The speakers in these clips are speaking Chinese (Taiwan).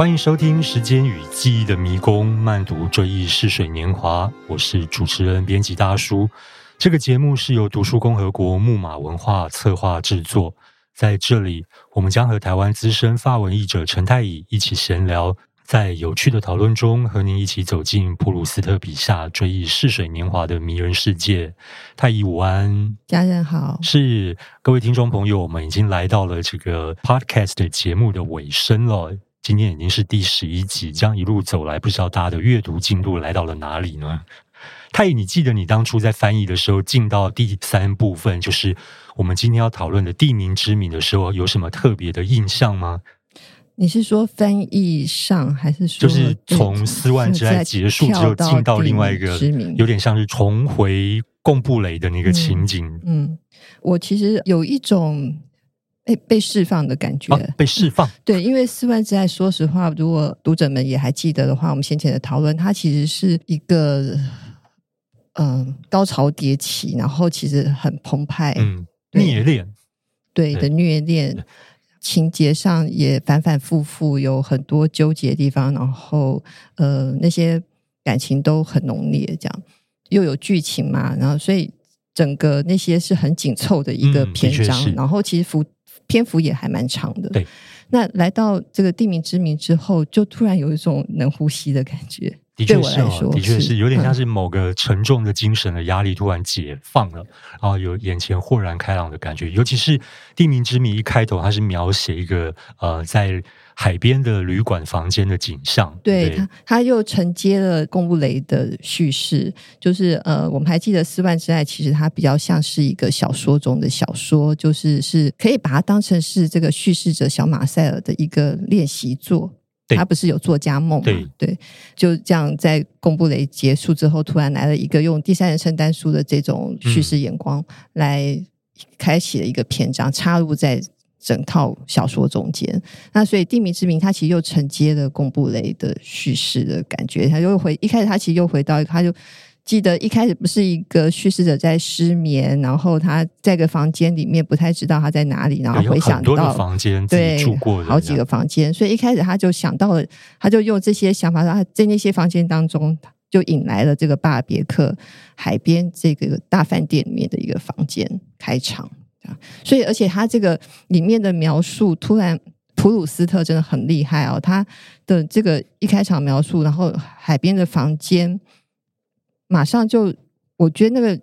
歡迎收聽《時間與記憶的迷宮》，慢讀《追憶逝水年華》。我是主持人、編輯大叔。這個節目是由讀書共和國、木馬文化策劃制作。在這裡，我們將和台灣資深法文譯者陳太乙一起閒聊，在有趣的討論中，和您一起走進普魯斯特筆下《追憶逝水年華》的迷人世界。太乙，午安，家人好，是各位聽眾朋友，我們已經來到了這個 Podcast 節目的尾聲了。今天已經是第十一集，這樣一路走來，不知道大家的閱讀進度來到了哪裡呢？嗯、太乙，你記得你當初在翻譯的時候進到第三部分，就是我們今天要討論的地名之名的時候，有什麼特別的印象嗎？你是說翻譯上，還是說就是從斯萬之愛結束之後進到另外一個，名名有點像是重回貢布雷的那個情景？嗯，嗯，我其實有一種。被釋放的感覺，啊、被釋放、嗯。對，因為斯萬之愛，說實話，如果讀者們也還記得的話，我們先前的討論，它其實是一個，嗯、呃，高潮迭起，然後其實很澎湃，嗯，虐戀，對的虐戀，情節上也反反复覆有很多糾結的地方，然後呃，那些感情都很濃烈，這樣又有劇情嘛，然後所以整個那些是很緊湊的一個篇章，嗯嗯、然後其實福。篇幅也還蠻長的，對。那來到這個《地名之名》之後，就突然有一種能呼吸的感覺。的確是，的確是，哦，是，的確是有點像是某個沉重的精神的壓力突然解放了，嗯，然後有眼前豁然開朗的感覺。尤其是《地名之名》一開頭，它是描寫一個呃在。海邊的旅館房間的景象，對，對他，它又承接了貢布雷的敘事，就是呃，我們還記得《斯萬之愛》，其實它比較像是一個小說中的小說，就是是可以把它當成是這個敘事者小馬塞爾的一個練習作。對他不是有作家夢，對對，就這樣，在貢布雷結束之後，突然來了一個用第三人稱單數的這種敘事眼光來開啟了一個篇章，嗯、插入在。整套小說中間，那所以《地名之名》他其實又承接了貢布雷的敘事的感覺，他又回一開始他其實又回到一個，他就記得一開始不是一個敘事者在失眠，然後他在一個房間裡面不太知道他在哪裡，然後回想到多的房間，對，自己住過的對，好幾個房間，所以一開始他就想到了，他就用這些想法說，他在那些房間當中，就引來了這個巴別克海邊這個大飯店裡面的一個房間開場。所以，而且他這個裡面的描述，突然普魯斯特真的很厲害哦，他的這個一開場描述，然後海邊的房間，馬上就我覺得那個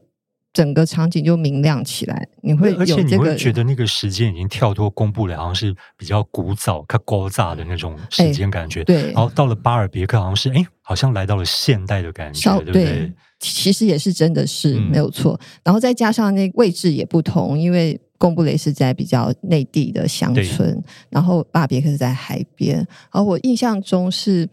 整個場景就明亮起來。你會、這個、而且你會覺得那個時間已經跳脫貢布雷，好像是比較古早、看高大的那種時間感覺。哎、對，然後到了巴爾別克，好像是哎，好像來到了現代的感覺，對對對。其實也是真的是、嗯、沒有錯，然後再加上那位置也不同，因為貢布雷是在比較內地的鄉村，對然後巴別克是在海邊。而、啊、我印象中是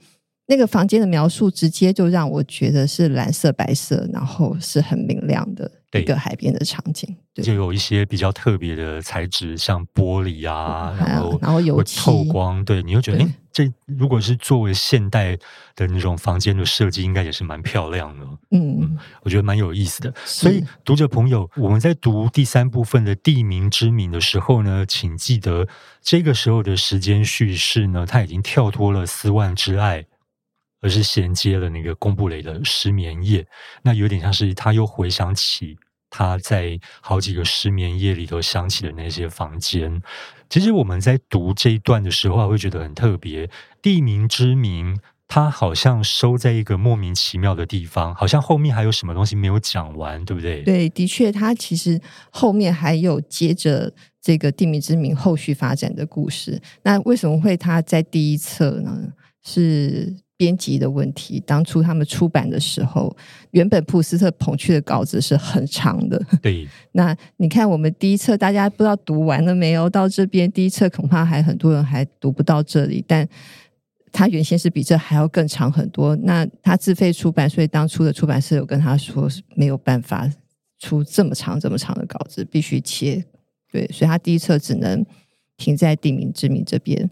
那個房間的描述，直接就讓我覺得是藍色、白色，然後是很明亮的。一個海邊的場景，就有一些比較特別的材質，像玻璃啊，啊然後有透光。對，對你會覺得，哎對、欸，這如果是作為現代的那種房間的設計，應該也是蠻漂亮的。嗯，嗯，我覺得蠻有意思的。是所以，讀者朋友，我們在讀第三部分的地名之名的時候呢，請記得這個時候的時間敘事呢，它已經跳脫了斯萬之愛，而是銜接了那個貢布雷的失眠夜。那有點像是他又回想起。他在好幾個失眠夜裡頭想起的那些房間，其實我們在讀這一段的時候，會覺得很特別。地名之名，它好像收在一個莫名其妙的地方，好像後面還有什麼東西沒有講完，對不對？對，的確，它其實後面還有接着這個地名之名後續發展的故事。那為什麼會他在第一冊呢？是。編輯的問題，當初他們出版的時候，原本普斯特捧去的稿子是很長的。對， 那你看我們第一冊，大家不知道讀完了沒有？到這邊第一冊恐怕還很多人還讀不到這裡，但他原先是比這還要更長很多。那他自費出版，所以當初的出版社有跟他說是沒有辦法出這麼長這麼長的稿子，必須切。對，所以他第一冊只能停在地名之名這邊。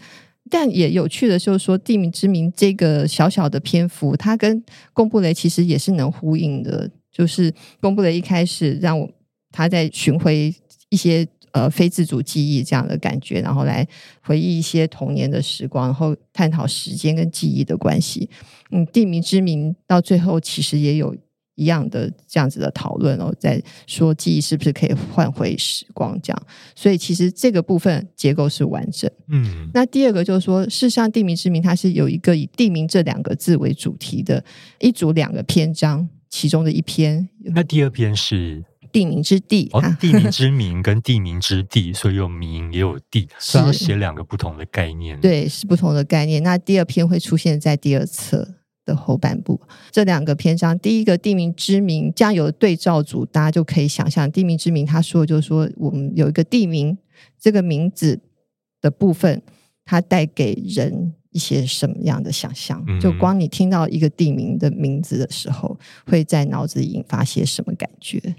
但也有趣的，就是說《地名之名》這個小小的篇幅，它跟貢布雷其實也是能呼應的。就是貢布雷一開始讓我他在尋回一些呃非自主記憶這樣的感覺，然後來回憶一些童年的時光，然後探討時間跟記憶的關係。嗯，《地名之名》到最後其實也有，一樣的這樣子的討論、哦，然後在說記憶是不是可以換回時光這樣，所以其實這個部分結構是完整。嗯，那第二個就是說，事實上地名之名，它是有一個以地名這兩個字為主題的，一組兩個篇章，其中的一篇。那第二篇是地名之地、哦。地名之名跟地名之地， 所以有名也有地，所以要寫兩個不同的概念。對，是不同的概念。那第二篇會出現在第二冊。的後半部，這兩個篇章。第一個地名之名，這樣有對照組，大家就可以想象地名之名，他說的就是說，我們有一個地名這個名字的部分，它帶給人一些什麼樣的想象就光你聽到一個地名的名字的時候，會在腦子裡引發些什麼感覺？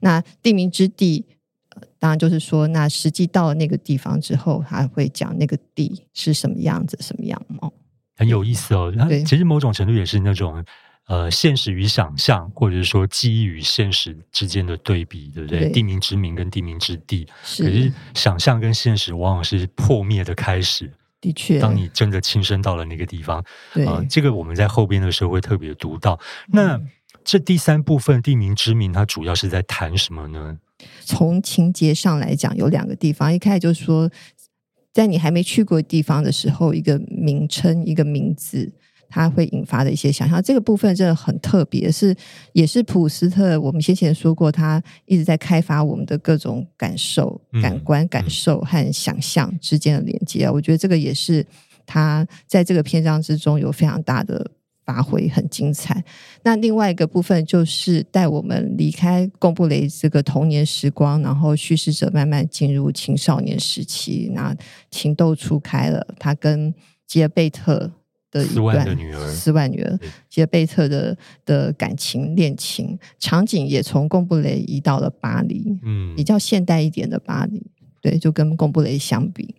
那地名之地，呃，當然就是說，那實際到了那個地方之後，還會講那個地是什麼樣子，什麼樣貌。很有意思哦，它其實某種程度也是那種對呃，現實與想象，或者是說記憶與現實之間的對比，對不對？對地名之名跟地名之地，是可是想象跟現實往往是破滅的開始。的確，當你真的親身到了那個地方，對、呃、這個我們在後邊的時候會特別讀到。對那這第三部分地名之名，它主要是在談什麼呢？從情節上來講，有兩個地方，一開始就是說。嗯在你還沒去過地方的時候，一個名稱、一個名字，它會引發的一些想象，這個部分真的很特別，是也是普魯斯特。我們先前說過，他一直在開發我們的各種感受、感官、感受和想象之間的連接。嗯，我覺得這個也是他在這個篇章之中有非常大的。發揮很精彩。那另外一個部分就是帶我們離開貢布雷這個童年時光，然後敘事者慢慢進入青少年時期，那情竇初開了，他跟吉爾貝特的一段斯萬的女兒，斯萬女兒，吉爾對貝特的的感情戀情場景也從貢布雷移到了巴黎，嗯，比較現代一點的巴黎，對，就跟貢布雷相比。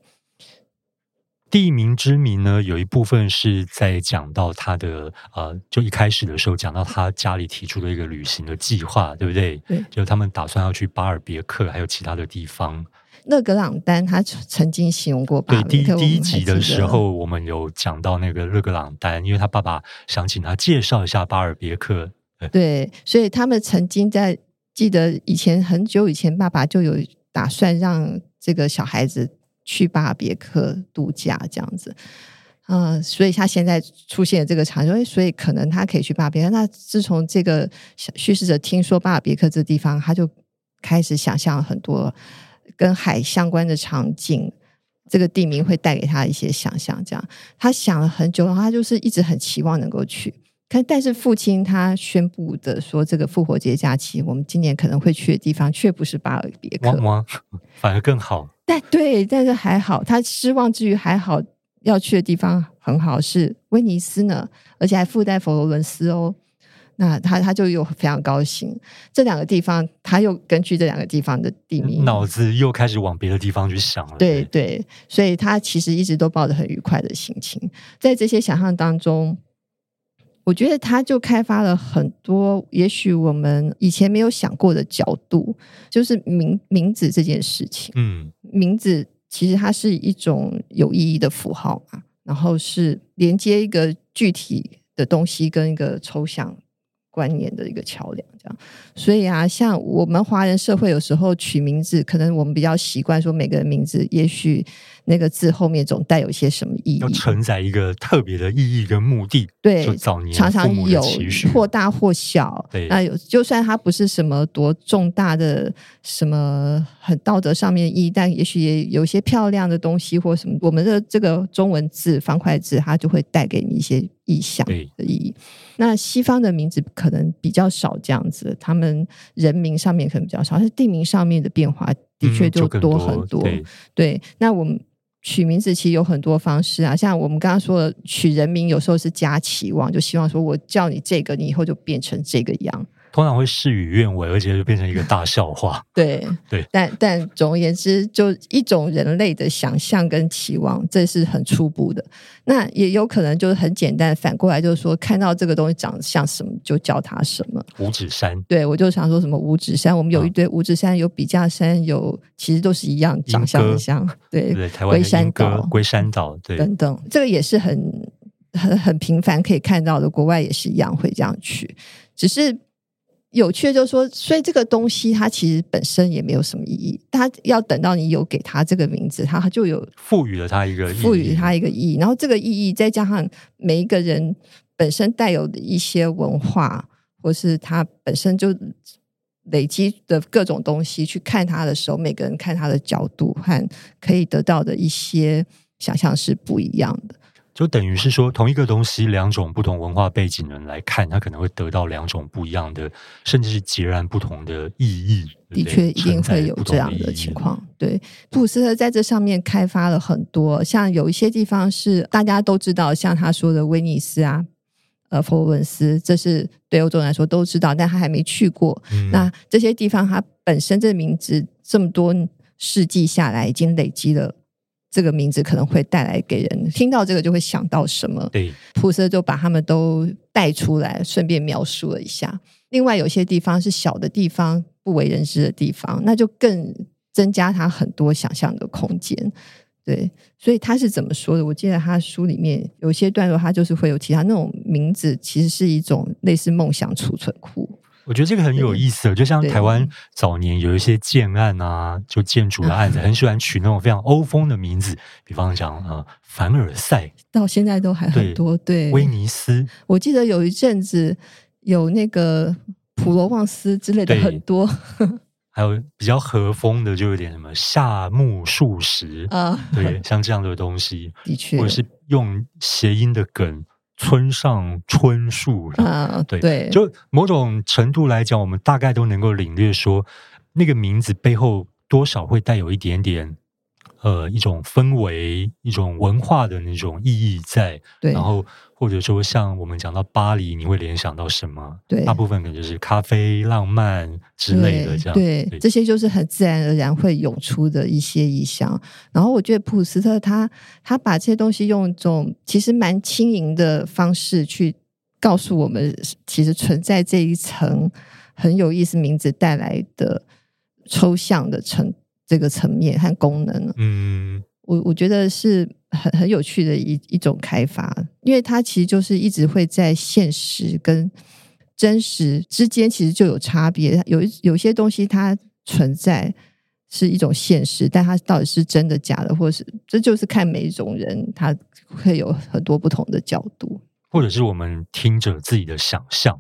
地名之名呢，有一部分是在講到他的，呃，就一開始的時候講到他家裡提出了一個旅行的計劃，對不對？對，就他們打算要去巴爾別克，還有其他的地方。勒格朗丹他曾經形容過巴爾別克。對，第一第一集的時候我們有講到那個勒格朗丹，嗯，因為他爸爸想請他介紹一下巴爾別克。對，對，所以他們曾經在記得以前很久以前，爸爸就有打算讓這個小孩子。去巴爾別克度假這樣子，嗯，所以他現在出現這個場景，所以可能他可以去巴爾別克。那自從這個敘事者聽說巴爾別克這個地方，他就開始想象了很多跟海相關的場景。這個地名會帶給他一些想象，這樣他想了很久，然後他就是一直很期望能夠去。但但是父親他宣布的說，這個復活節假期我們今年可能會去的地方卻不是巴爾別克，哇，反而更好。但對，但是還好，他失望之餘還好，要去的地方很好，是威尼斯呢，而且還附帶佛羅倫斯哦。那他他就又非常高興，這兩個地方他又根據這兩個地方的地名，腦子又開始往別的地方去想了。對對，對，所以他其實一直都抱着很愉快的心情，在這些想象當中，我覺得他就開發了很多，也許我們以前沒有想過的角度，就是名名字這件事情。嗯。名字其實它是一種有意義的符號嘛，然後是連接一個具體的東西跟一個抽象觀念的一個橋梁，這樣。所以啊，像我們華人社會有時候取名字，可能我們比較習慣說每個人名字，也許。那個字後面總帶有一些什麼意義？要承載一個特別的意義跟目的。對，常常有或大或小。 對，那有，就算它不是什麼多重大的什麼很道德上面的意義，但也許也有些漂亮的東西或什麼。我們的、這個、這個中文字方塊字，它就會帶給你一些意象的意義。對那西方的名字可能比較少這樣子，他們人名上面可能比較少，但是地名上面的變化的確就多很多，嗯、多，對，對。那我們取名字其實有很多方式啊，像我們剛剛說的取人名，有時候是加期望，就希望說我叫你這個，你以後就變成這個樣。通常會事與願違，而且就變成一個大笑話。對，對，但但總而言之，就一種人類的想象跟期望，這是很初步的。嗯、那也有可能就是很簡單，反過來就是說，看到這個東西長得像什麼，就叫它什麼。五指山，對，我就想說什麼五指山，我們有一堆五指山，有筆架山，有其實都是一樣，長相很像。對哥對，對，台灣的龜山島，龜山島，對，等等，這個也是很很很頻繁可以看到的，國外也是一樣會這樣去，只是。有趣的就是說，所以這個東西它其實本身也沒有什麼意義，它要等到你有給它這個名字，它就有賦予了它一個意義，賦予它一個意義。然後這個意義再加上每一個人本身帶有的一些文化，或是他本身就累積的各種東西，去看它的時候，每個人看它的角度和可以得到的一些想象是不一樣的。就等於是說，同一個東西，兩種不同文化背景人來看，他可能會得到兩種不一樣的，甚至是截然不同的意義。對對，的確，一定會有這樣的情況。對，普魯對斯特在這上面開發了很多，像有一些地方是大家都知道，像他說的威尼斯啊，呃，佛羅倫斯，這是對歐洲人來說都知道，但他還沒去過。嗯、那這些地方，它本身這個名字這麼多世紀下來，已經累積了。這個名字可能會帶來給人聽到這個就會想到什麼？對，普色就把他們都帶出來，順便描述了一下。另外，有些地方是小的地方，不為人知的地方，那就更增加他很多想象的空間。對，所以他是怎麼說的？我記得他書裡面有些段落，他就是會有其他那種名字，其實是一種類似夢想儲存庫。我覺得這個很有意思，就像台灣早年有一些建案啊，就建築的案子，很喜歡取那種非常歐風的名字，比方講啊，凡爾賽，到現在都還很多，對，威尼斯，我記得有一陣子有那個普羅旺斯之類的很多，還有比較和風的，就有點什麼夏目漱石啊，對，像這樣的東西，的確，或者是用諧音的梗。村上春樹啊，對對，就某種程度來講，我們大概都能夠領略說，那個名字背後多少會帶有一點點。呃，一種氛圍，一種文化的那種意義在。對。然後，或者說，像我們講到巴黎，你會聯想到什麼？對，大部分可能就是咖啡、浪漫之類的這樣。對，對對這些就是很自然而然會湧出的一些意象。然後，我覺得普斯特他他把這些東西用一種其實蠻輕盈的方式去告訴我們，其實存在這一層很有意思，名字帶來的抽象的程度。這個層面和功能，嗯，我我覺得是很很有趣的一一種開發，因為它其實就是一直會在現實跟真實之間，其實就有差別。有有些東西它存在是一種現實，但它到底是真的假的，或是這就是看每一種人，他會有很多不同的角度，或者是我們聽着自己的想象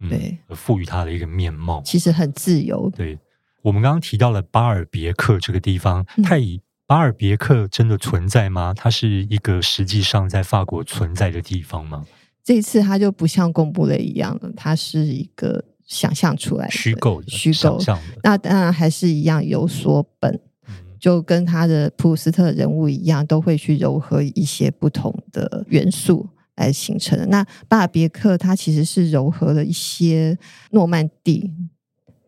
嗯、對，賦予它的一個面貌，其實很自由，對。我們剛剛提到了巴爾別克這個地方，太乙、嗯、巴爾別克真的存在嗎？它是一個實際上在法國存在的地方嗎？這一次它就不像公布了一樣，它是一個想象出來的虛構虛構的。虛構，那當然還是一樣有所本，嗯、就跟他的普魯斯特人物一樣，都會去糅合一些不同的元素來形成的。那巴爾別克它其實是糅合了一些諾曼底。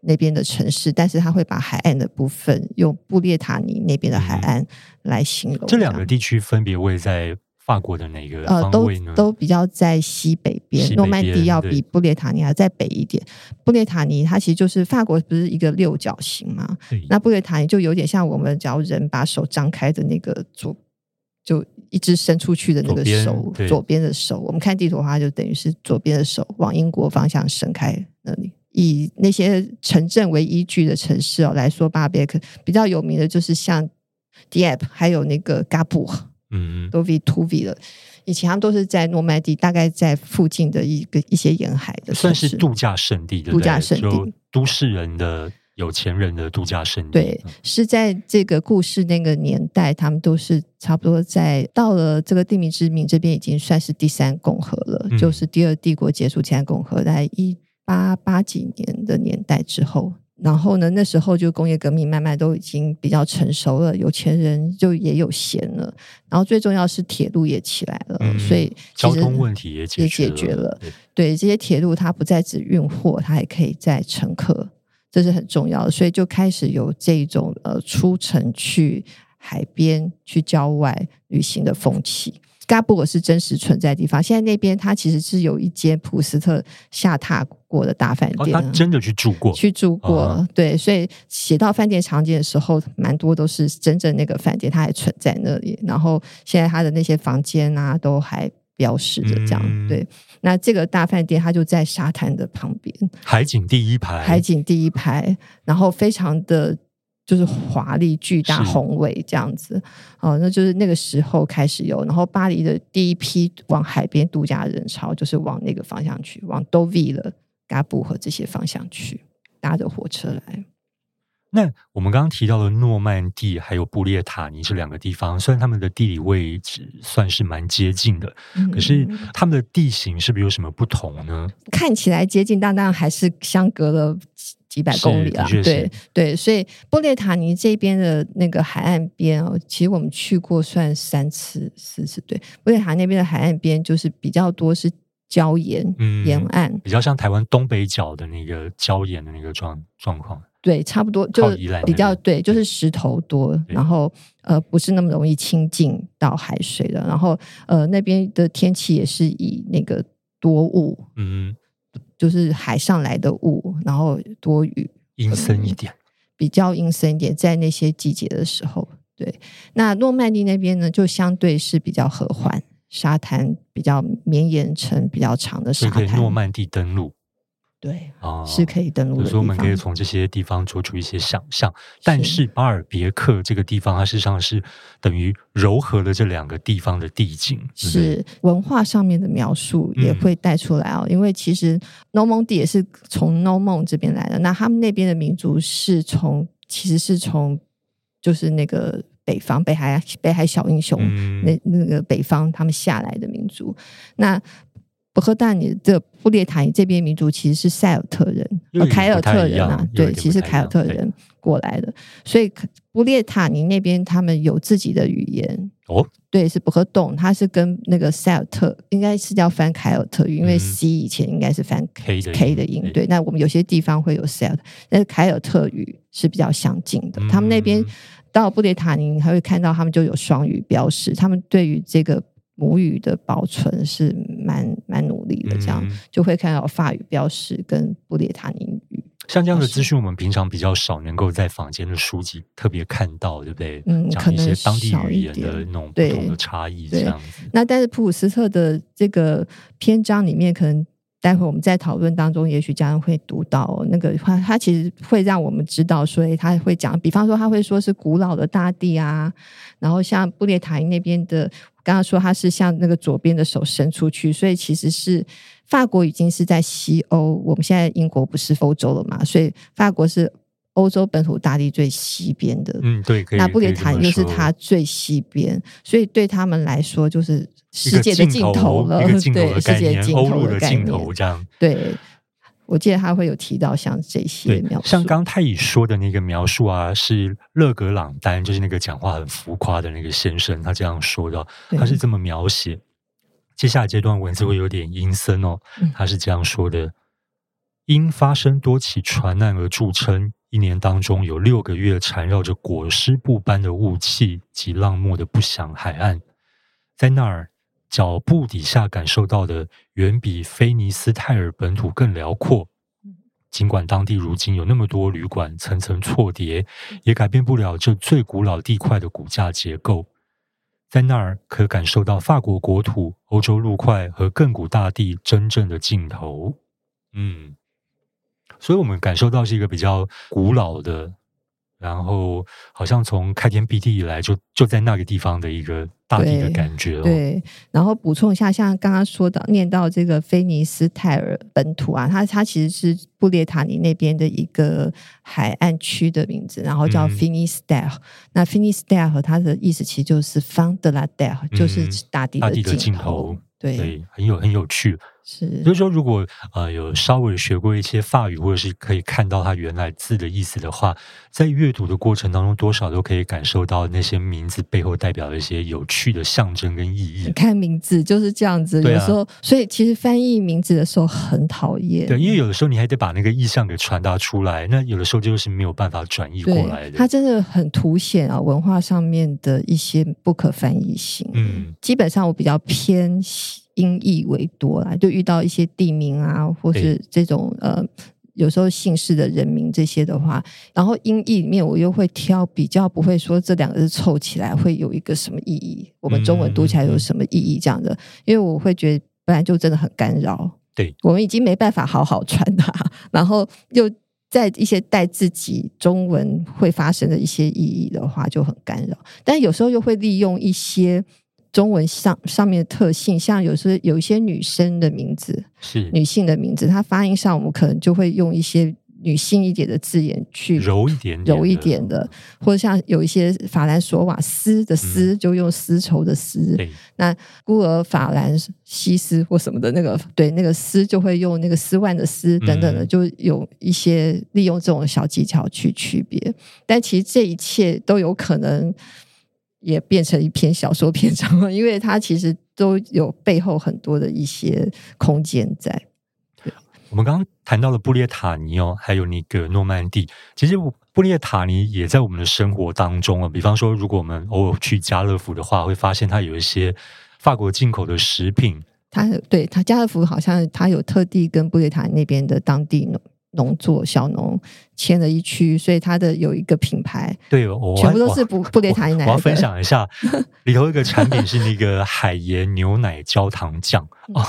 那邊的城市，嗯、但是他會把海岸的部分用布列塔尼那邊的海岸來形容這樣、嗯。這兩個地區分別位在法國的哪個方位呢？呃、都，都比較在西北邊，北邊諾曼底要比布列塔尼還再北一點。對布列塔尼它其實就是法國不是一個六角形嗎？對那布列塔尼就有點像我們只要人把手張開的那個左，就一隻伸出去的那個手，左邊，左邊的手。我們看地圖的話，就等於是左邊的手往英國方向伸開那裡。以那些城鎮為依據的城市哦來說巴，巴別克比較有名的就是像 Dieppe，還有那個加布，嗯，都比 TwoV 的，以前他們都是在諾曼底，大概在附近的一個一些沿海的城市，算是度假勝地，的，度假勝地，就都市人的有錢人的度假勝地。對，是在這個故事那個年代，他們都是差不多在到了這個地名之名這邊已經算是第三共和了，嗯、就是第二帝國結束，第三共和在一。八八幾年的年代之後，然後呢，那時候就工業革命，慢慢都已經比較成熟了，有錢人就也有閒了。然後最重要的是鐵路也起來了，嗯、所以交通問題也也解決了。對，對這些鐵路它不再只運貨，它還可以載乘客，這是很重要的。所以就開始有這種呃，出城去海邊、去郊外旅行的風氣。嘎布爾是真實存在的地方，現在那邊它其實是有一間普斯特下榻過的大飯店、哦，他真的去住過，去住過，啊、對，所以寫到飯店場景的時候，蠻多都是真正那個飯店它還存在那裡，然後現在它的那些房間啊都還標示着這樣，嗯、對，那這個大飯店它就在沙灘的旁邊，海景第一排，海景第一排，然後非常的。就是華麗、巨大、宏偉這樣子，哦是、嗯，那就是那個時候開始有。然後巴黎的第一批往海邊度假人潮，就是往那個方向去，往都維了加布和這些方向去，搭着火車來。那我們剛剛提到的諾曼第還有布列塔尼這兩個地方，雖然他們的地理位置算是蠻接近的，可是他們的地形是不是有什麼不同呢？嗯、看起來接近，但當然還是相隔了。幾百公里啊，對對，所以布列塔尼這邊的那個海岸邊哦，其實我們去過算三次四次，對，布列塔那邊的海岸邊就是比較多是礁岩，嗯、沿岸比較像台灣東北角的那個礁岩的那個狀狀況，對，差不多就比較對，就是石頭多，對然後呃不是那麼容易親近到海水的，然後呃那邊的天氣也是以那個多霧，嗯。就是海上來的霧，然後多雨，陰森一點、嗯，比較陰森一點，在那些季節的時候，對。那諾曼底那邊呢，就相對是比較和緩，沙灘比較綿延成比較長的沙灘。對對，諾曼底登陸。對啊，哦、是可以登陸的，所以我們可以從這些地方做出一些想象是，但是巴爾別克這個地方，它事實上是等於糅合了這兩個地方的地景，是、嗯、文化上面的描述也會帶出來哦。嗯、因為其實諾蒙地也是從諾蒙這邊來的，那他們那邊的民族是從其實是從就是那個北方、北海、北海小英雄、嗯、那那個北方他們下來的民族那。伯克大尼的布列塔尼這邊民族其實是塞爾特人，凱爾特人啊，對，其實凱爾特人過來的，嘿所以布列塔尼那邊他們有自己的語言哦，對，是伯克洞，他是跟那個塞爾特，應該是叫翻凱爾特語，嗯、因為 C 以前應該是翻 K 的音，的音對，哎、那我們有些地方會有塞爾特，但是凱爾特語是比較相近的，嗯、他們那邊到布列塔尼還會看到他們就有雙語標識，他們對於這個。母語的保存是蠻、嗯、蠻努力的，這樣就會看到法語標示跟布列塔尼語。像這樣的資訊，我們平常比較少能夠在坊間的書籍特別看到，對不對？講、嗯、一些當地語言的那種不同的差異，這樣、嗯、對對，那但是普魯斯特的這個篇章裡面，可能待會我們在討論當中，也許家人會讀到那個話，他其實會讓我們知道所以，他會講，比方說他會說是古老的大地啊，然後像布列塔尼那邊的，剛剛說他是向那個左邊的手伸出去，所以其實是法國已經是在西歐。我們現在英國不是歐洲了嘛？所以法國是歐洲本土大地最西邊的。嗯，對，可以那布列塔尼又是它最西邊，以所以對他們來說就是世界的盡頭了。頭頭對，世界盡頭的盡頭這樣。對。我記得他會有提到像這些描述，像剛太乙說的那個描述啊，是勒格朗丹，就是那個講話很浮誇的那個先生，他這樣說的，對他是這麼描寫。接下來這段文字會有點陰森哦，他是這樣說的：嗯、因發生多起船難而著稱，一年當中有六個月纏繞着裹屍布般的霧氣及浪沫的不祥海岸，在那兒。腳步底下感受到的，遠比菲尼斯泰爾本土更遼闊。儘管當地如今有那麼多旅館層層錯疊，也改變不了這最古老地塊的骨架結構。在那兒，可感受到法國國土、歐洲陸塊和亘古大地真正的盡頭。嗯，所以我們感受到是一個比較古老的。然後，好像從開天闢地以來就，就就在那個地方的一個大地的感覺，哦對。對，然後補充一下，像剛剛說到念到的這個菲尼斯泰爾本土啊，它它其實是布列塔尼那邊的一個海岸區的名字，然後叫菲尼斯泰爾。那菲尼斯泰爾和它的意思其實就是 “fin de la terre”，就是大地的盡頭。嗯對，很有很有趣，是，就是說，如果呃有稍微學過一些法語，或者是可以看到它原來字的意思的話，在閱讀的過程當中，多少都可以感受到那些名字背後代表的一些有趣的象徵跟意義。你看名字就是這樣子，有時候，啊、所以其實翻譯名字的時候很討厭，對，因為有的時候你還得把那個意象給傳達出來，那有的時候就是沒有辦法轉譯過來的。對，它真的很凸顯啊，文化上面的一些不可翻譯性。嗯，基本上我比較偏心。音譯為多啦，就遇到一些地名啊，或是這種對呃，有時候姓氏的人名這些的話，然後音譯裡面我又會挑比，比較不會說這兩個字湊起來會有一個什麼意義，我們中文讀起來有什麼意義這樣的，嗯嗯嗯，因為我會覺得本來就真的很干擾，對，我們已經沒辦法好好傳達啊，然後又在一些帶自己中文會發生的一些意義的話就很干擾，但有時候又會利用一些。中文上、上面的特性，像有時有一些女生的名字，是女性的名字，它發音上我們可能就會用一些女性一點的字眼去柔一點點、柔一點點的，或者像有一些法蘭索瓦絲的絲，就用絲綢的絲。嗯、那孤兒法蘭西斯或什麼的那個，對那個絲就會用那個絲萬的絲等等的，嗯、就有一些利用這種小技巧去區別。但其實這一切都有可能，也變成一篇小說篇章了，因為它其實都有背後很多的一些空間在。對，我們剛剛談到了布列塔尼哦，還有那個諾曼第。其實布列塔尼也在我們的生活當中啊、哦，比方說，如果我們偶爾去家樂福的話，會發現它有一些法國進口的食品。它對它家樂福好像它有特地跟布列塔尼那邊的當地。農作小農簽了一區，所以它的，有一個品牌，對，我全部都是布列塔尼奶。我要分享一下 裡頭一個產品，是那個海鹽牛奶焦糖醬哦，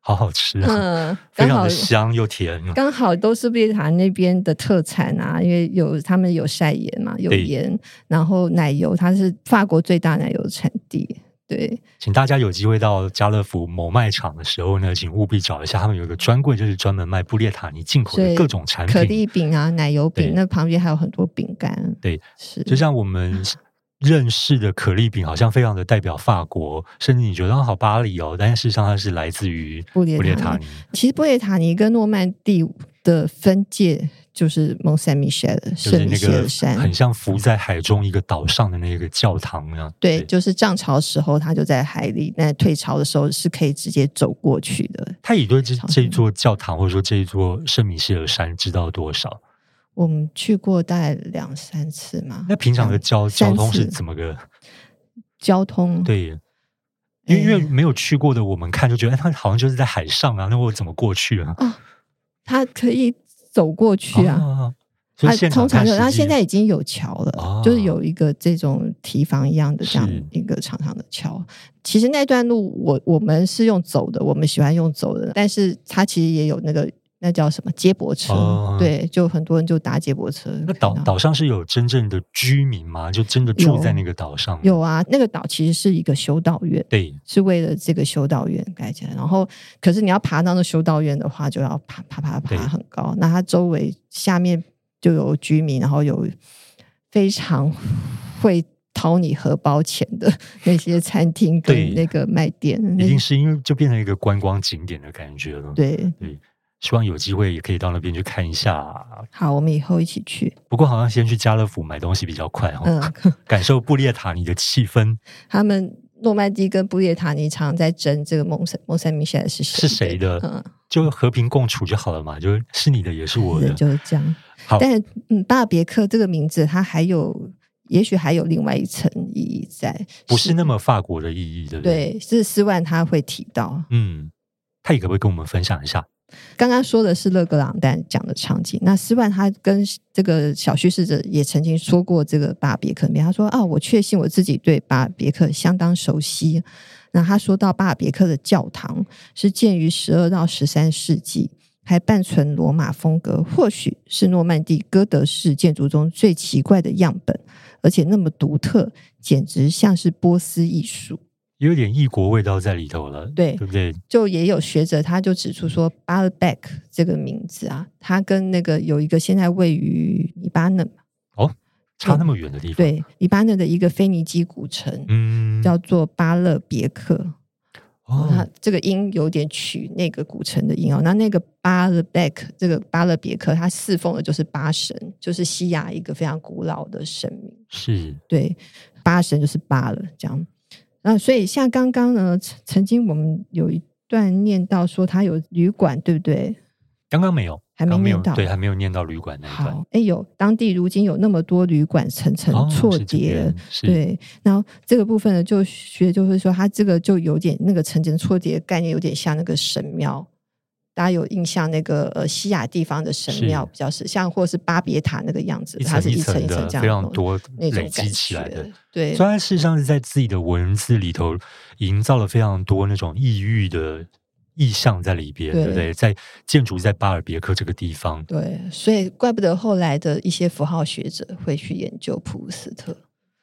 好好吃啊，嗯、非常的香又甜。剛好都是布列塔那邊的特產啊，因為有他們有曬鹽嘛，有鹽，對然後奶油它是法國最大奶油的產地。對，請大家有機會到家樂福某賣場的時候呢，請務必找一下，他們有一個專櫃，就是專門賣布列塔尼進口的各種產品，以可麗餅啊，奶油餅，對那旁邊還有很多餅乾。對，是就像我們認識的可麗餅，好像非常的代表法國，啊、甚至你覺得它好巴黎哦，但是事實上它是來自於布，布列塔尼。其實布列塔尼跟諾曼第五的分界。就是蒙塞米歇爾的聖米歇爾山，el, 很像浮在海中一個島上的那個教堂一樣。對，對就是漲潮時候它就在海裡，那退潮的時候是可以直接走過去的。他也對這水這一座教堂，或者說這一座聖米歇爾山，知道多少？我們去過大概兩三次嘛。那平常的交次交通是怎麼個交通？對，因為因為沒有去過的我們看就覺得，哎，它、哎、好像就是在海上啊，那我怎麼過去啊？啊、哦，它可以。走過去啊，所以通常，那、啊、現在已經有橋了，啊、就是有一個這種堤防一樣的這樣一個長長的橋。是其實那段路我，我我們是用走的，我們喜歡用走的，但是它其實也有那個。那叫什麼接駁車？Uh huh. 對，就很多人就搭接駁車。那島島島到上是有真正的居民嗎？就真的住在那個島上嗎有？有啊，那個島其實是一個修道院，對，是為了這個修道院蓋起來。然後，可是你要爬到那修道院的話，就要爬爬爬爬，爬很高。對那它周圍下面就有居民，然後有非常會掏你荷包錢的那些餐廳跟那個賣店，對那一定是因為就變成一個觀光景點的感覺了。對，對。希望有機會也可以到那邊去看一下。好，我們以後一起去。不過好像先去家樂福買東西比較快哈。嗯、呵呵。感受布列塔尼的氣氛。他們諾曼底跟布列塔尼常在爭這個蒙森、蒙森米歇爾是誰是誰的？嗯，就和平共處就好了嘛，就是是你的也是我的，是的就是這樣。好，但、嗯、巴別克這個名字，它還有也許還有另外一層意義在，不是那麼法國的意義，對不對？對，這是斯萬他會提到。嗯，他也可不可以跟我們分享一下？剛剛說的是勒格朗丹講的場景。那斯萬他跟這個小敘事者也曾經說過這個巴別克，他說啊、哦，我確信我自己對巴別克相當熟悉。那他說到巴爾別克的教堂是建於十二到十三世紀，還半純羅馬風格，或許是諾曼底哥德式建築中最奇怪的樣本，而且那麼獨特，簡直像是波斯藝術。有點異國味道在裡頭了，對，對不對？就也有學者，他就指出說，巴勒貝克這個名字啊，它、嗯、跟那個有一個現在位於黎巴嫩哦，對差那麼遠的地方，對，黎巴嫩的一個非尼基古城，嗯，叫做巴勒別克，哦，這個音有點取那個古城的音哦，那那個巴勒貝克，這個巴勒別克，他侍奉的就是巴神，就是西亞一個非常古老的神明，是對，巴神就是巴勒，這樣。那所以像剛剛呢，曾曾經我們有一段念到說他有旅館，對不對？剛剛沒有，還沒念到。剛剛沒有，對，還沒有念到旅館那一段。哎、欸，有當地如今有那麼多旅館層層錯疊，層層哦、對。然後這個部分呢，就學就是說，他這個就有點那個層層錯疊概念，有點像那個神廟。大家有印象那個呃西亞地方的神廟，比較是像或是巴別塔那個樣子，它是一,一層一層這樣非常多累積起來的。對，所以事實上是在自己的文字裡頭營造了非常多那種異域的意象在裡邊，對,對不對？在建築在巴爾別克這個地方，對，所以怪不得後來的一些符號學者會去研究普魯斯特。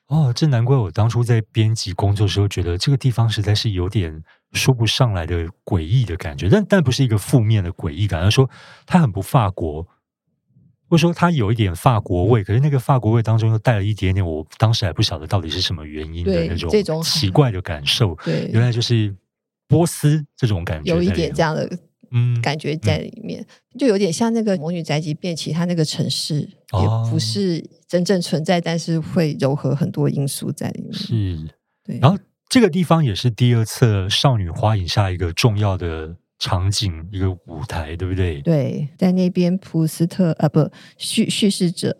哦，這難怪我當初在編輯工作的時候覺得這個地方實在是有點。說不上來的詭異的感覺，但但不是一個負面的詭異感。他說他很不法國，或者說他有一點法國味，嗯、可是那個法國味當中又帶了一點點，我當時還不曉得到底是什麼原因的那種奇怪的感受。對原來就是波斯這種感覺，有一點這樣的嗯感覺在裡面，嗯嗯、就有點像那個《魔女宅急便》，其他那個城市、哦、也不是真正存在，但是會糅合很多因素在裡面。是，然後對。啊這個地方也是第二次《少女花影》下一個重要的場景，一個舞台，對不對？對，在那邊普魯斯特啊不，不敘敘事者，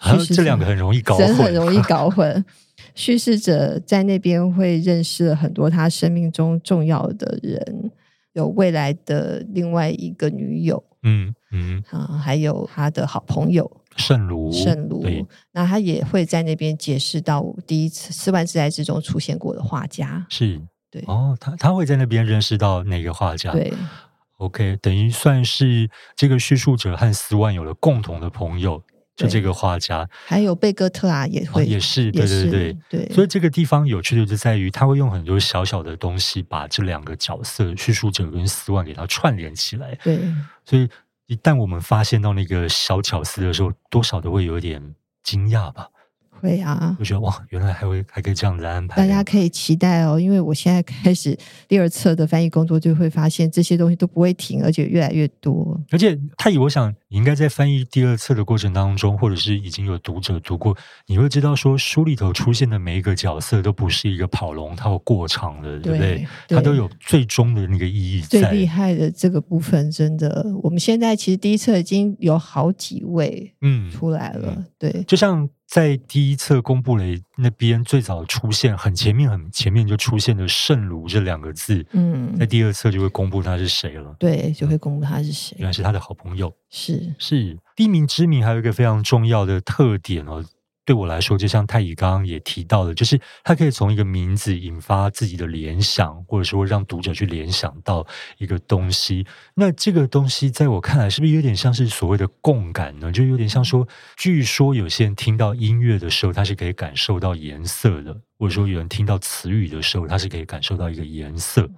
敘事者，啊，這兩個很容易搞混，人很容易搞混。 敘事者在那邊會認識了很多他生命中重要的人，有未來的另外一個女友，嗯嗯啊，還有他的好朋友。聖盧，聖盧，對，那他也會在那邊解釋到第一次斯萬之愛之中出現過的畫家，是對。哦，他他會在那邊認識到那個畫家？對，OK，等於算是這個敘述者和斯萬有了共同的朋友，就這個畫家。還有貝戈特啊，也會、哦，也是，對對對，對。所以這個地方有趣的就是在於，他會用很多小小的東西，把這兩個角色敘述者跟斯萬給他串聯起來。對，所以。一旦我們發現到那個小巧思的時候，多少都會有點驚訝吧。對啊，我覺得哇，原來還會還可以這樣子安排。大家可以期待哦，因為我現在開始第二冊的翻譯工作，就會發現這些東西都不會停，而且越來越多。而且，他以我想你應該在翻譯第二冊的過程當中，或者是已經有讀者讀過，你會知道說，書裡頭出現的每一個角色都不是一個跑龍套、過場的，對，對不對？他對都有最終的那個意義。最厲害的這個部分，真的，我們現在其實第一冊已經有好幾位嗯出來了，嗯、對，就像。在第一冊公布了，那邊最早出現，很前面很前面就出現的「聖盧」這兩個字。嗯，在第二冊就會公布他是誰了。對，就會公布他是誰、嗯。原來是他的好朋友。是是，地名之名還有一個非常重要的特點哦。對我來說，就像太乙剛剛也提到的，就是他可以從一個名字引發自己的聯想，或者說讓讀者去聯想到一個東西。那這個東西在我看來，是不是有點像是所謂的共感呢？就有點像說，據說有些人聽到音樂的時候，他是可以感受到顏色的；或者說有人聽到詞語的時候，他是可以感受到一個顏色。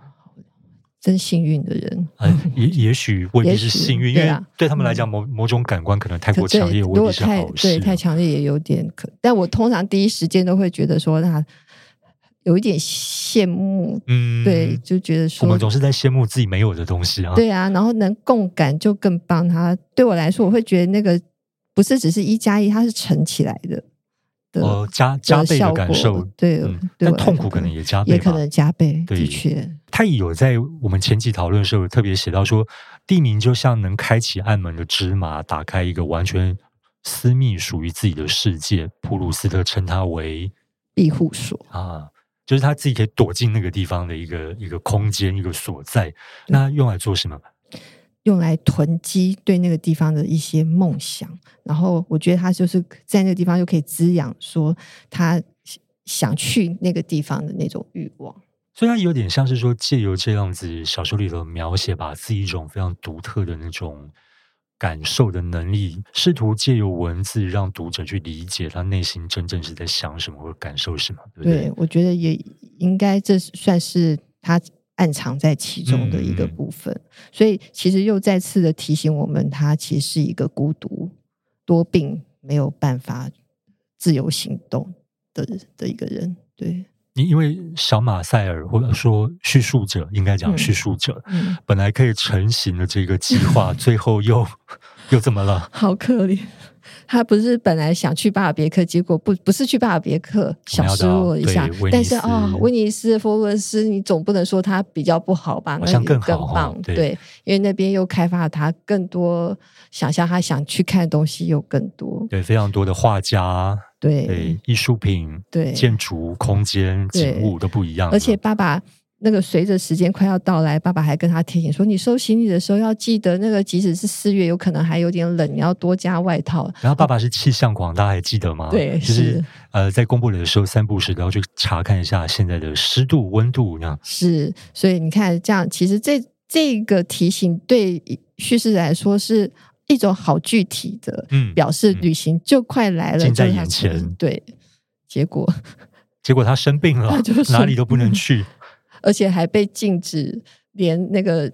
真幸運的人，哎，也也許未必是幸運，也許因為對他們來講，嗯、某某種感官可能太過強烈，未必是好事，啊，太對，太強烈也有點可。但我通常第一時間都會覺得說他有一點羨慕，嗯，對，就覺得說，我們總是在羨慕自己沒有的東西啊。對啊，然後能共感就更棒。他對我來說，我會覺得那個不是只是一加一，1，它是乘起來的。呃的、哦，加加倍的感受，對，嗯、對，但痛苦可能，可能也加倍，也可能加倍，對的確。他也有在我們前期討論的時候特別寫到說，地名就像能開啟暗門的芝麻，打開一個完全私密屬於自己的世界。普魯斯特稱它為庇護所啊，就是他自己可以躲進那個地方的一個一個空間一個所在。那用來做什麼？用來囤積對那個地方的一些夢想，然後我覺得他就是在那個地方就可以滋養，說他想去那個地方的那種慾望。嗯，所以，他有點像是說，借由這樣子小說裡的描寫，把自己一種非常獨特的那種感受的能力，試圖借由文字讓讀者去理解他內心真正是在想什麼和感受什麼。對，對，對，我覺得也應該，這算是他。暗藏在其中的一個部分，嗯、所以其實又再次的提醒我們，他其實是一個孤獨、多病、沒有辦法自由行動的的一個人。對，你因為小馬塞爾或者說敘述者，應該講敘述者，嗯、本來可以成行的這個計劃，嗯、最後又 又怎麼了？好可憐。他不是本來想去巴爾別克，結果不不是去巴爾別克，小失落了一下。但是啊、哦，威尼斯、佛羅倫斯，你總不能說它比較不好吧？那更棒，好像更好、哦、對，對，因為那邊又開發了他更多，想象他想去看的東西又更多，對，非常多的畫家，對，對，藝術品，對，建築、空間、對景物都不一樣，而且爸爸。那個隨着時間快要到來，爸爸還跟他提醒說：“你收行李的時候要記得，那個即使是四月，有可能還有點冷，你要多加外套。”然後爸爸是氣象狂，啊、大家還記得嗎？對，就是，是呃，在貢布雷的時候三不時都要去查看一下現在的濕度、溫度那樣。是，所以你看這樣，其實這這個提醒對於敘事來說是一種好具體的，嗯，表示旅行就快來了，嗯、近在眼前。前對，結果結果他生病了， 就是哪裡都不能去。嗯。而且還被禁止，連那個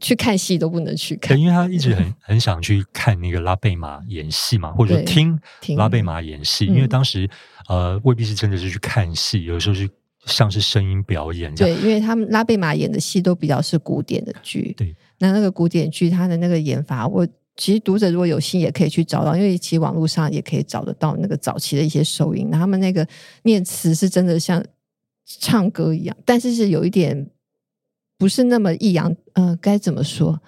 去看戲都不能去看。因為他一直很 很想去看那個拉貝瑪演戲嘛，或者聽拉貝瑪演戲。對因為當時、嗯、呃，未必是真的是去看戲，有的時候是像是聲音表演這樣。對，因為他們拉貝瑪演的戲都比較是古典的劇。對，那那個古典劇他的那個演法，我其實讀者如果有心也可以去找到，因為其實網絡上也可以找得到那個早期的一些收音，他們那個念詞是真的像。唱歌一樣，但是是有一點不是那麼抑揚，嗯、呃，該怎麼說？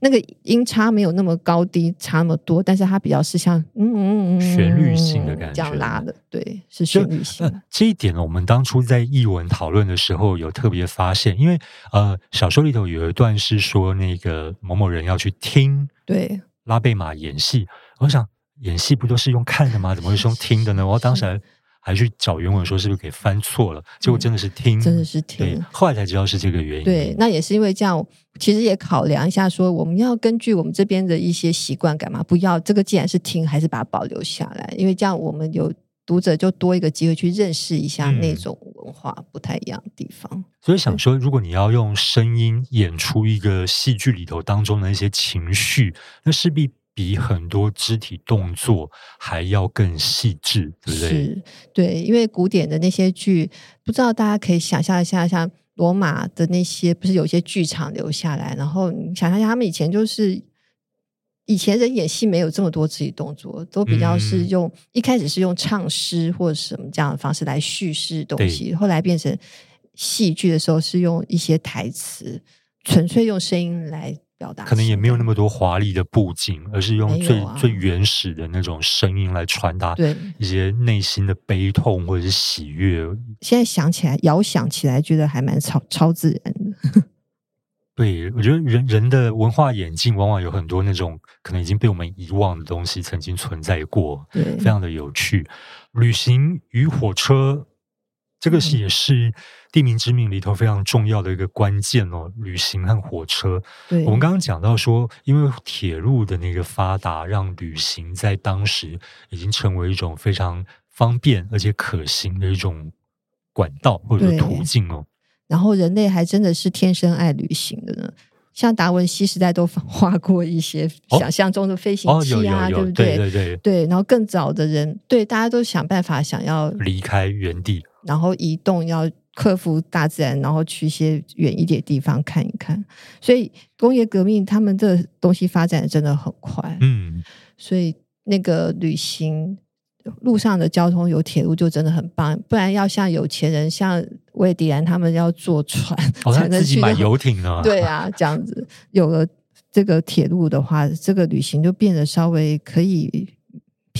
那個音差沒有那麼高低差那麼多，但是它比較是像嗯嗯嗯嗯，旋律性的感覺，這樣拉的，對，是旋律性的。那這一點呢，我們當初在譯文討論的時候有特別發現，因為呃，小說裡頭有一段是說那個某某人要去聽對拉貝瑪演戲，對我想演戲不都是用看的嗎？怎麼會是用聽的呢？我當時。還去找原文說是不是給翻錯了？結果真的是聽，嗯、真的是聽，後來才知道是這個原因。對，那也是因為這樣，其實也考量一下說，說我們要根據我們這邊的一些習慣，幹嘛不要這個？既然是聽，還是把它保留下來，因為這樣我們有讀者就多一個機會去認識一下那種文化不太一樣的地方。嗯、所以想說，如果你要用聲音演出一個戲劇裡頭當中的一些情緒，那勢必。比很多肢體動作還要更細緻，對不對？是，對，因為古典的那些劇，不知道大家可以想象一下，像羅馬的那些，不是有些劇場留下來，然後你想象一下他們以前就是，以前人演戲沒有這麼多肢體動作，都比較是用，嗯、一開始是用唱詩或者什麼這樣的方式來敘事東西，對後來變成戲劇的時候是用一些台詞，純粹用聲音來。可能也沒有那麼多華麗的布景，嗯、而是用最、啊、最原始的那種聲音來傳達一些內心的悲痛或者是喜悅。現在想起來，遙想起來，覺得還蠻超超自然的。對，我覺得人人的文化眼鏡往往有很多那種可能已經被我們遺忘的東西，曾經存在過，對非常的有趣。旅行與火車。這個是也是地名之名裡頭非常重要的一個關鍵哦，旅行和火車。對我們剛剛講到說，因為鐵路的那個發達，讓旅行在當時已經成為一種非常方便而且可行的一種管道或者途徑哦。然後人類還真的是天生愛旅行的呢，像達文西時代都畫過一些想象中的飛行器啊，對不對？對對，對。對，然後更早的人，對，大家都想辦法想要離開原地。然後移動要克服大自然，然後去一些遠一點地方看一看。所以工業革命，他們的東西發展真的很快。嗯，所以那個旅行路上的交通有鐵路就真的很棒，不然要像有錢人像魏迪蘭他們要坐船，好像，哦 哦，自己買遊艇了。對啊，這樣子有了這個鐵路的話，這個旅行就變得稍微可以。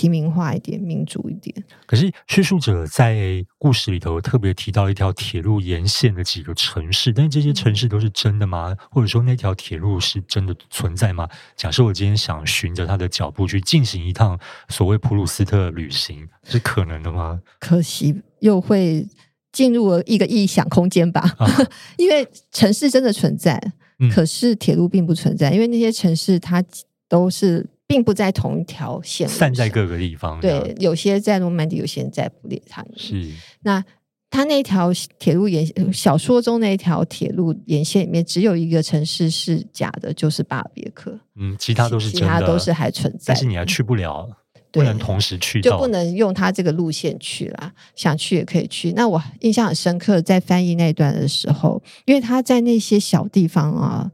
平民化一點，民主一點。可是敘述者在故事裡頭特別提到一條鐵路沿線的幾個城市，但是這些城市都是真的嗎？嗯、或者說那條鐵路是真的存在嗎？假設我今天想循着他的腳步去進行一趟所謂普魯斯特旅行，是可能的嗎？可惜又會進入了一個臆想空間吧。啊、 因為城市真的存在，嗯、可是鐵路並不存在，因為那些城市它都是。並不在同一條線，線，散在各個地方。對，這樣，有些在諾曼底，有些人在布列塔尼。是，那他那條鐵路沿小說中那條鐵路沿線裡面只有一個城市是假的，就是巴別克。嗯，其他都是真的，其他都是還存在，但是你還去不了，不能同時去，就不能用他這個路線去啦。想去也可以去。那我印象很深刻，在翻譯那段的時候，因為他在那些小地方啊。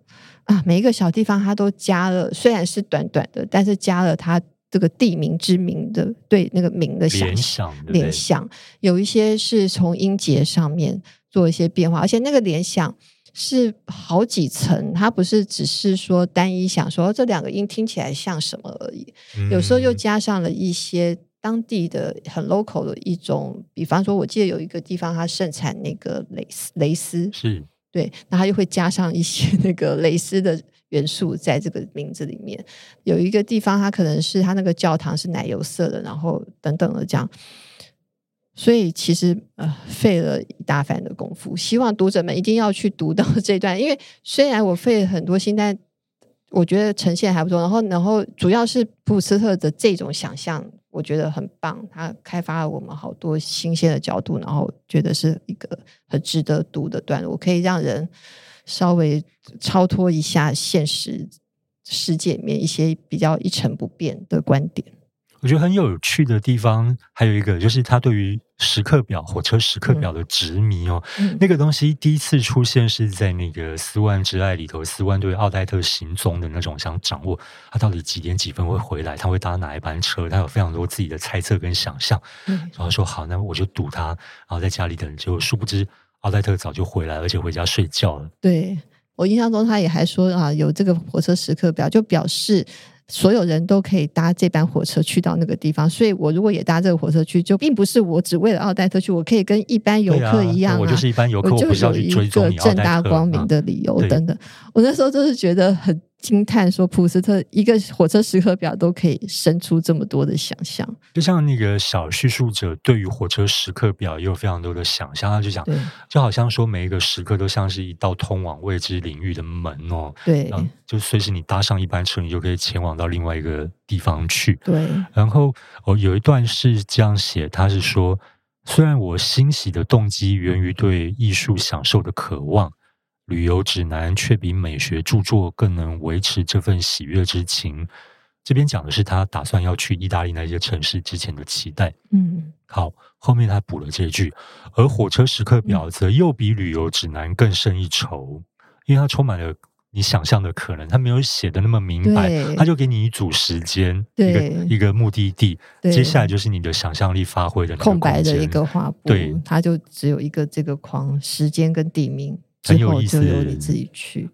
啊，每一個小地方它都加了，雖然是短短的，但是加了它這個地名之名的，對那個名的聯想，對不對？聯想有一些是從音節上面做一些變化，而且那個聯想是好幾層，它不是只是說單一想說、哦、這兩個音聽起來像什麼而已，嗯、有時候又加上了一些當地的很 local 的一種，比方說，我記得有一個地方它盛產那個蕾蕾絲，是。對，那他就會加上一些那個蕾絲的元素在這個名字裡面，有一個地方他可能是他那個教堂是奶油色的，然後等等的這樣。所以其實呃費了一大番的功夫，希望讀者們一定要去讀到這段，因為雖然我費了很多心，但我覺得呈現還不錯。然後，然後主要是普魯斯特的這種想象。我覺得很棒，他開發了我們好多新鮮的角度，然後覺得是一個很值得讀的段落，可以讓人稍微超脫一下現實世界裡面一些比較一成不變的觀點。我覺得很有趣的地方還有一個，就是他對於時刻表、火車時刻表的執迷哦。嗯嗯、那個東西第一次出現是在那個《斯萬之愛》裡頭，斯萬對於奧黛特行蹤的那種想掌握，他到底幾點幾分會回來，他會搭哪一班車，他有非常多自己的猜測跟想象。嗯、然後說好，那我就堵他，然後在家裡等。就殊不知奧黛特早就回來而且回家睡覺了。對，我印象中，他也還說啊，有這個火車時刻表，就表示。所有人都可以搭這班火車去到那個地方，所以我如果也搭這個火車去，就並不是我只為了奧黛特去，我可以跟一般遊客一樣啊，啊我就是一般遊客，我不是要去追逐，我就有一個正大光明的理由、啊、等等，我那時候就是覺得很。驚嘆說：“普斯特，一個火車時刻表都可以生出這麼多的想象就像那個小敘述者對於火車時刻表也有非常多的想象他就講，對就好像說每一個時刻都像是一道通往未知領域的門哦。對，然後就隨時你搭上一班車，你就可以前往到另外一個地方去。對，然後哦，有一段是這樣寫，他是說，雖然我欣喜的動機源於對藝術享受的渴望，”旅遊指南卻比美學著作更能維持這份喜悅之情。這邊講的是他打算要去意大利那些城市之前的期待。嗯，好，後面他補了這句，而火車時刻表則又比旅遊指南更勝一籌，嗯、因為它充滿了你想象的可能，它沒有寫得那麼明白，對他就給你一組時間，對一個一個目的地，對接下來就是你的想象力發揮的那個空，空白的一個畫布，對，他就只有一個這個框，時間跟地名。很有意思、欸。的，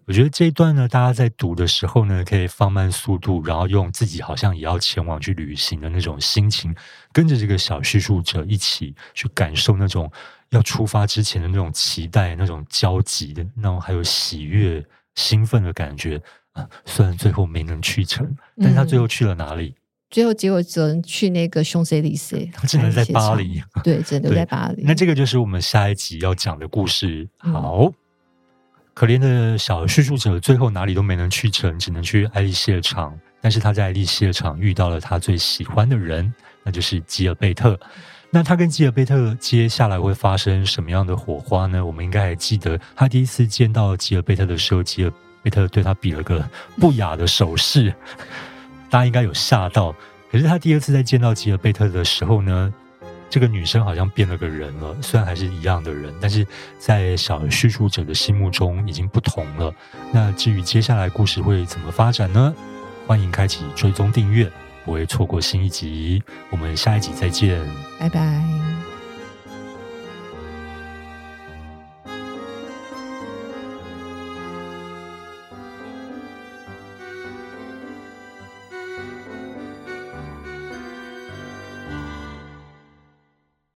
我覺得這一段呢，大家在讀的時候呢，可以放慢速度，然後用自己好像也要前往去旅行的那種心情，跟着這個小敘述者一起去感受那種要出發之前的那種期待、那種焦急的，那種還有喜悅、興奮的感覺啊。雖然最後沒能去成，但是他最後去了哪裡？嗯、最後結果只能去那個香榭麗舍，他只能在巴黎。對，只能在巴黎。那這個就是我們下一集要講的故事。好。嗯可憐的小敘述者最後哪裡都沒能去成，只能去愛麗絲的廠。但是他在愛麗絲的廠遇到了他最喜歡的人，那就是吉爾貝特。那他跟吉爾貝特接下來會發生什麼樣的火花呢？我們應該還記得，他第一次見到吉爾貝特的時候，吉爾貝特對他比了個不雅的手勢，大家應該有嚇到。可是他第二次再見到吉爾貝特的時候呢？這個女生好像變了個人了，雖然還是一樣的人，但是在小敘述者的心目中已經不同了。那至於接下來故事會怎麼發展呢？歡迎開啟追蹤訂閱，不會錯過新一集。我們下一集再見，拜拜。